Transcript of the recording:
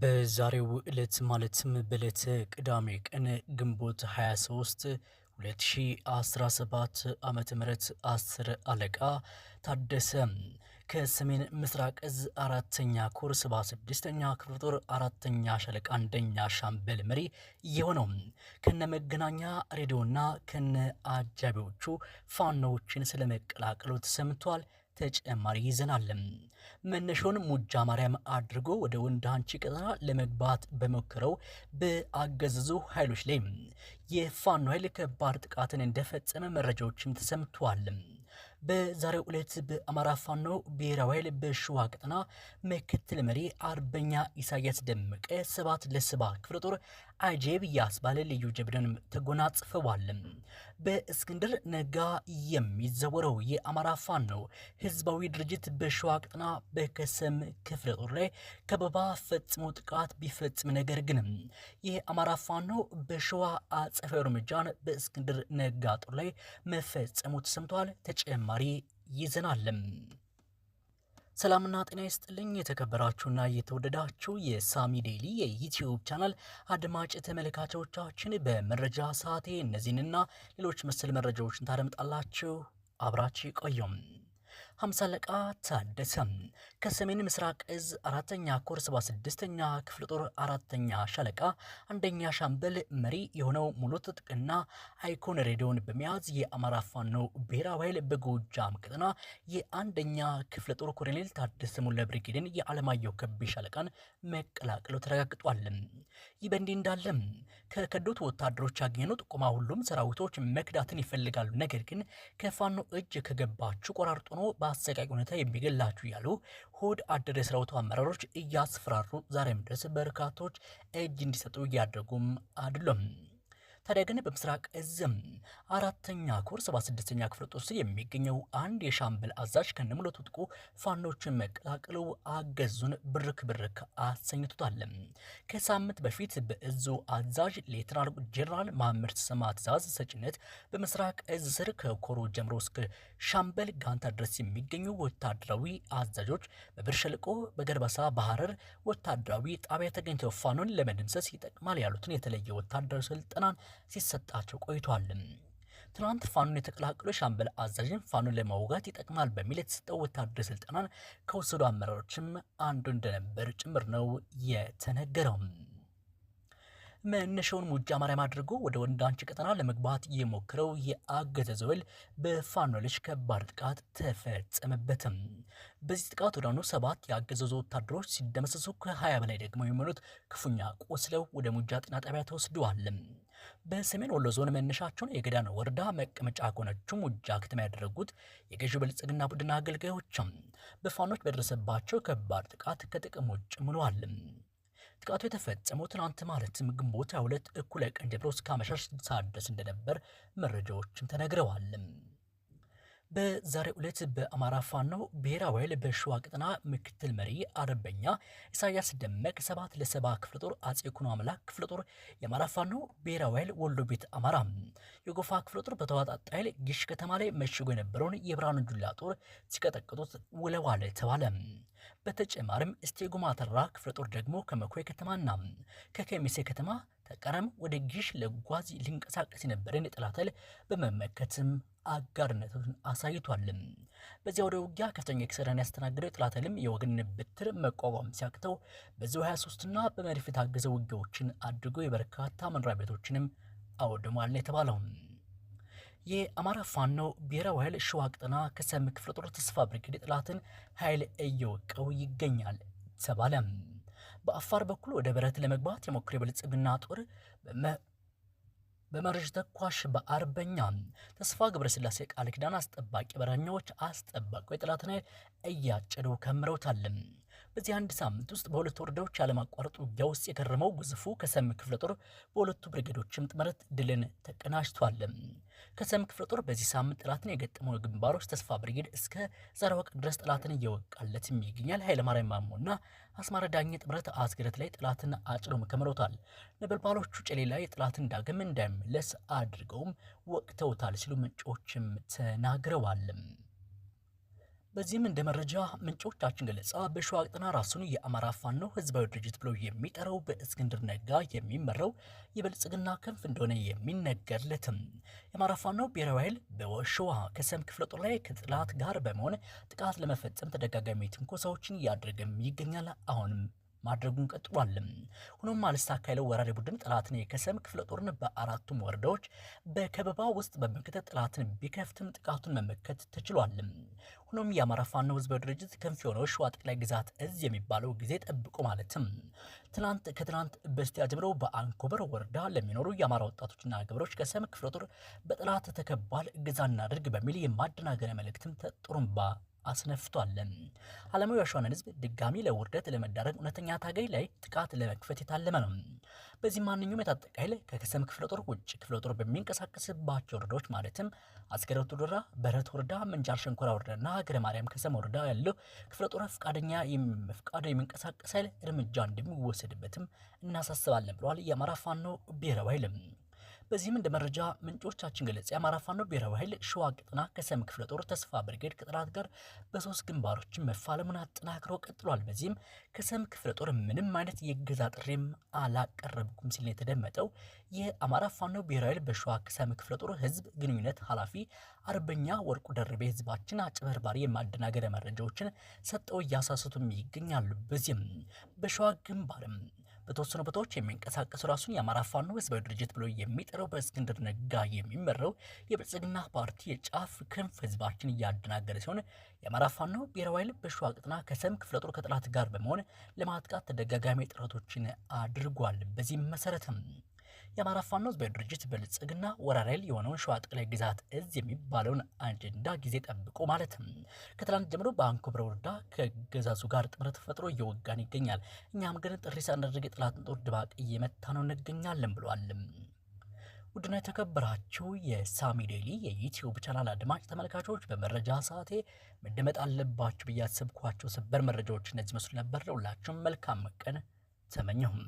በዛሬው ዕለት ማለትም በዕለተ ቅዳሜ ቀን ግንቦት 23 2017 ዓ ም አስር አለቃ ታደሰ ከሰሜን ምስራቅ እዝ አራተኛ ኮር 76ኛ ክፍለ ጦር አራተኛ ሻለቃ አንደኛ ሻምበል መሪ የሆነው ከነ መገናኛ ሬዲዮና ከነ አጃቢዎቹ ፋኖዎችን ስለመቀላቀሉ ተሰምቷል። ተጨማሪ ይዘናል። መነሻውንም ሙጃ ማርያም አድርጎ ወደ ወንዳንቺ ቀጠና ለመግባት በሞከረው በአገዘዙ ኃይሎች ላይ የፋኖ ኃይል ከባድ ጥቃትን እንደፈጸመ መረጃዎችም ተሰምተዋል። በዛሬው ዕለት በአማራ ፋኖ ብሔራዊ ኃይል በሸዋ ቀጠና ምክትል መሪ አርበኛ ኢሳያስ ደመቀ ሰባት ለሰባ ክፍለ ጦር አጀብ ያስባለ ልዩ ጀብደን ተጎናጽፈዋል። በእስክንድር ነጋ የሚዘወረው የአማራ ፋኖ ህዝባዊ ድርጅት በሸዋ ቀጠና በከሰም ክፍለ ጦር ላይ ከበባ ፈጽሞ ጥቃት ቢፈጽም ነገር ግን የአማራ ፋኖ በሸዋ አጸፋዊ እርምጃን በእስክንድር ነጋ ጦር ላይ መፈጸሙ ተሰምተዋል። ተጨማ ተጨማሪ ይዘናልም። ሰላምና ጤና ይስጥልኝ የተከበራችሁና የተወደዳችሁ የሳሚ ዴሊ የዩትዩብ ቻናል አድማጭ ተመልካቾቻችን፣ በመረጃ ሰዓቴ እነዚህንና ሌሎች መሰል መረጃዎችን ታደምጣላችሁ። አብራችሁ ቆዩም። ሀምሳ አለቃ ታደሰ ከሰሜን ምስራቅ እዝ አራተኛ ኮር ሰባ ስድስተኛ ክፍለ ጦር አራተኛ ሻለቃ አንደኛ ሻምበል መሪ የሆነው ሙሉ ትጥቅና አይኮን ሬዲዮን በመያዝ የአማራ ፋኖ ብሔራዊ ኃይል በጎጃም ቀጠና የአንደኛ ክፍለ ጦር ኮሎኔል ታደሰ ሙለ ብሪጌድን የዓለማየሁ ከቤ ሻለቃን መቀላቀሉ ተረጋግጧል። ይህ በእንዲህ እንዳለም ከከዱት ወታደሮች ያገኘነው ጥቆማ ሁሉም ሰራዊቶች መክዳትን ይፈልጋሉ፣ ነገር ግን ከፋኖ እጅ ከገባችሁ ቆራርጦ ነው በአሰቃቂ ሁኔታ የሚገላችሁ እያሉ ሆድ አደር የሰራዊቱ አመራሮች እያስፈራሩ ዛሬም ድረስ በርካቶች እጅ እንዲሰጡ እያደረጉም አይደለም። ታዲያ ግን በምስራቅ እዝም አራተኛ ኮር 76ኛ ክፍለ ጦር ስር የሚገኘው አንድ የሻምበል አዛዥ ከነሙሉ ትጥቁ ፋኖችን መቀላቀለው አገዙን ብርክ ብርክ አሰኝቶታል። ከሳምንት በፊት በእዙ አዛዥ ሌተናል ጄኔራል ማምር ተሰማ ትእዛዝ ሰጭነት በምስራቅ እዝ ስር ከኮሮ ጀምሮ እስከ ሻምበል ጋንታ ድረስ የሚገኙ ወታደራዊ አዛዦች በብር ሸለቆ፣ በገርባሳ፣ ባህረር ወታደራዊ ጣቢያ ተገኝተው ፋኖን ለመደምሰስ ይጠቅማል ያሉትን የተለየ ወታደራዊ ስልጠናን ሲሰጣቸው ቆይቷል። ትናንት ፋኖን የተቀላቀሉ ሻምበል አዛዥን ፋኖን ለመውጋት ይጠቅማል በሚል የተሰጠው ወታደር ስልጠናን ከወሰዱ አመራሮችም አንዱ እንደነበር ጭምር ነው የተነገረው። መነሻውን ሙጃ ማርያም አድርጎ ወደ ወንዳንቺ ቀጠና ለመግባት የሞክረው የአገዛዙ ኃይል በፋኖ ከባድ ጥቃት ተፈጸመበትም። በዚህ ጥቃት ወዳኑ ሰባት የአገዛዙ ወታደሮች ሲደመሰሱ ከሀያ በላይ ደግሞ የሚሆኑት ክፉኛ ቆስለው ወደ ሙጃ ጤና ጣቢያ ተወስደዋል። በሰሜን ወሎ ዞን መነሻቸውን የገዳን ወረዳ መቀመጫ ከሆነችው ሙጃ ከተማ ያደረጉት የገዢ ብልጽግና ቡድን አገልጋዮችም በፋኖች በደረሰባቸው ከባድ ጥቃት ከጥቅም ውጭ ውለዋል። ጥቃቱ የተፈጸመው ትናንት ማለትም ግንቦት ሁለት እኩለ ቀን ጀምሮ እስከ አመሻሽ ሳደስ እንደነበር መረጃዎችም ተነግረዋል። በዛሬ ዕለት በአማራ ፋኖ ብሔራዊ ኃይል በሸዋ ቅጥና ምክትል መሪ አርበኛ ኢሳያስ ደመቅ ሰባት ለሰባ ክፍለ ጦር አጼ ኩኖ አምላክ ክፍለ ጦር የአማራ ፋኖ ብሔራዊ ኃይል ወሎ ቤት አማራ የጎፋ ክፍለ ጦር በተዋጣጣ ኃይል ጊሽ ከተማ ላይ መሽጎ የነበረውን የብርሃኑ ጁላ ጦር ሲቀጠቅጡት ውለዋል ተባለ። በተጨማሪም ስቴጎማተራ ክፍለ ጦር ደግሞ ከመኮይ ከተማና ከከሚሴ ከተማ ተቀረም ወደ ጊሽ ለጓዝ ሊንቀሳቀስ የነበረን የጠላት በመመከትም አጋርነቱን አሳይቷል። በዚያ ወደ ውጊያ ከፍተኛ ኪሳራን ያስተናገደው የጠላት የወገን ብትር መቋቋም ሲያቅተው በዚሁ 23ና በመድፍ የታገዘ ውጊያዎችን አድርጎ የበርካታ መኖሪያ ቤቶችንም አወድሟል የተባለው የአማራ ፋኖ ብሔራዊ ኃይል ሸዋ ቅጥና ከሰም ክፍለ ጦር ተስፋ ብርጌድ ጠላትን ኃይል እየወቀው ይገኛል ተባለ። በአፋር በኩል ወደ በረት ለመግባት የሞከረ የብልጽግና ጦር በመረጅ ተኳሽ በአርበኛ ተስፋ ገብረስላሴ ቃል ኪዳን አስጠባቂ በረኞች አስጠባቂ የጠላትን ኃይል እያጨዱ ከምረውታል። በዚህ አንድ ሳምንት ውስጥ በሁለት ወረዳዎች ያለማቋረጥ ውጊያ ውስጥ የከረመው ግዙፉ ከሰም ክፍለ ጦር በሁለቱ ብርጌዶችም ጥምረት ድልን ተቀናጅቷል። ከሰም ክፍለ ጦር በዚህ ሳምንት ጠላትን የገጠመው ግንባሮች ተስፋ ብርጌድ እስከ ዛሬ ወቅት ድረስ ጠላትን እየወቃለትም ይገኛል። ኃይለማርያም ማሞና አስማረ ዳኘ ጥምረት አስገረት ላይ ጠላትን አጭሮ መከምረውታል። ነበልባሎቹ ጨሌ ላይ ጠላትን ዳግም እንዳይመለስ አድርገውም ወቅተውታል ሲሉ ምንጮችም ተናግረዋል። በዚህም እንደ መረጃ ምንጮቻችን ገለጻ በሸዋ ቅጥና ራሱን የአማራ ፋኖ ህዝባዊ ድርጅት ብሎ የሚጠራው በእስክንድር ነጋ የሚመራው የብልጽግና ክንፍ እንደሆነ የሚነገርለትም የአማራ ፋኖ ብሔራዊ ኃይል በሸዋ ከሰም ክፍለ ጦር ላይ ከጥላት ጋር በመሆን ጥቃት ለመፈጸም ተደጋጋሚ ትንኮሳዎችን እያደረገም ይገኛል። አሁንም ማድረጉን ቀጥሏል። ሆኖም አልሳካ ያለው ወራሪ ቡድን ጠላትን የከሰም ክፍለ ጦርን በአራቱም ወረዳዎች በከበባ ውስጥ በመክተት ጠላትን ቢከፍትም ጥቃቱን መመከት ተችሏል። ሆኖም የአማራ ፋኖ ህዝባዊ ድርጅት ክንፍ የሆነው ሸዋ ጠቅላይ ግዛት እዝ የሚባለው ጊዜ ጠብቆ ማለትም ትናንት ከትናንት በስቲያ ጀምሮ በአንኮበር ወረዳ ለሚኖሩ የአማራ ወጣቶችና ገበሬዎች ከሰም ክፍለ ጦር በጠላት ተከቧል፣ እገዛ እናድርግ በሚል የማደናገሪያ መልእክትም ተጥሩምባ አስነፍቷለም። ዓለማዊ አሸዋንን ህዝብ ድጋሚ ለውርደት ለመዳረግ እውነተኛ ታጋይ ላይ ጥቃት ለመክፈት የታለመ ነው። በዚህ ማንኛውም የታጠቀ ኃይል ከከሰም ክፍለ ጦር ውጭ ክፍለ ጦር በሚንቀሳቀስባቸው ወረዳዎች ማለትም አስገረቱ ወረዳ፣ በረት ወረዳ፣ ምንጃር ሸንኮራ ወረዳና ሀገረ ማርያም ከሰም ወረዳ ያለው ክፍለ ጦር ፈቃደኛ ፈቃደ የሚንቀሳቀስ ኃይል እርምጃ እንደሚወሰድበትም እናሳስባለን ብለዋል የአማራ ፋኖ ብሔራዊ ኃይልም በዚህም እንደ መረጃ ምንጮቻችን ገለጽ የአማራ ፋኖ ብሔራዊ ኃይል ሸዋ ቅጥና ከሰም ክፍለ ጦር ተስፋ ብርጌድ ከጠላት ጋር በሶስት ግንባሮችን መፋለሙን አጠናክሮ ቀጥሏል። በዚህም ከሰም ክፍለ ጦር ምንም አይነት የገዛ ጥሪም አላቀረብኩም ሲል የተደመጠው የአማራ ፋኖ ብሔራዊ ኃይል በሸዋ ከሰም ክፍለ ጦር ህዝብ ግንኙነት ኃላፊ አርበኛ ወርቁ ደርቤ ህዝባችን አጭበርባሪ የማደናገሪያ መረጃዎችን ሰጠው እያሳሰቱም ይገኛሉ። በዚህም በሸዋ ግንባርም በተወሰኑ ቦታዎች የሚንቀሳቀሱ ራሱን የአማራ ፋኖ ህዝባዊ ድርጅት ብሎ የሚጠራው በእስክንድር ነጋ የሚመራው የብልጽግና ፓርቲ የጫፍ ክንፍ ህዝባችን እያደናገረ ሲሆን የአማራ ፋኖ ብሔራዊ ኃይል በሸዋ ቅጥና ከሰም ክፍለ ጦር ከጠላት ጋር በመሆን ለማጥቃት ተደጋጋሚ ጥረቶችን አድርጓል። በዚህም መሰረትም የአማራ ፋኖ ህዝባዊ ድርጅት ብልጽግና ወራሪል የሆነውን ሸዋ ጠቅላይ ግዛት እዝ የሚባለውን አጀንዳ ጊዜ ጠብቆ ማለት ከትላንት ጀምሮ በአንኮበር ወረዳ ከገዛዙ ጋር ጥምረት ፈጥሮ እየወጋን ይገኛል። እኛም ግን ጥሪ ሳናደርግ የጠላትን ጦር ድባቅ እየመታ ነው እንገኛለን ብሏል። ውድና የተከበራችሁ የሳሚ ዴሊ የዩትዩብ ቻናል አድማጭ ተመልካቾች በመረጃ ሰዓቴ መደመጥ አለባችሁ ብዬ ያሰብኳቸው ሰበር መረጃዎች እነዚህ መስሉ ነበር። ለሁላችሁም መልካም ቀን ተመኘሁም።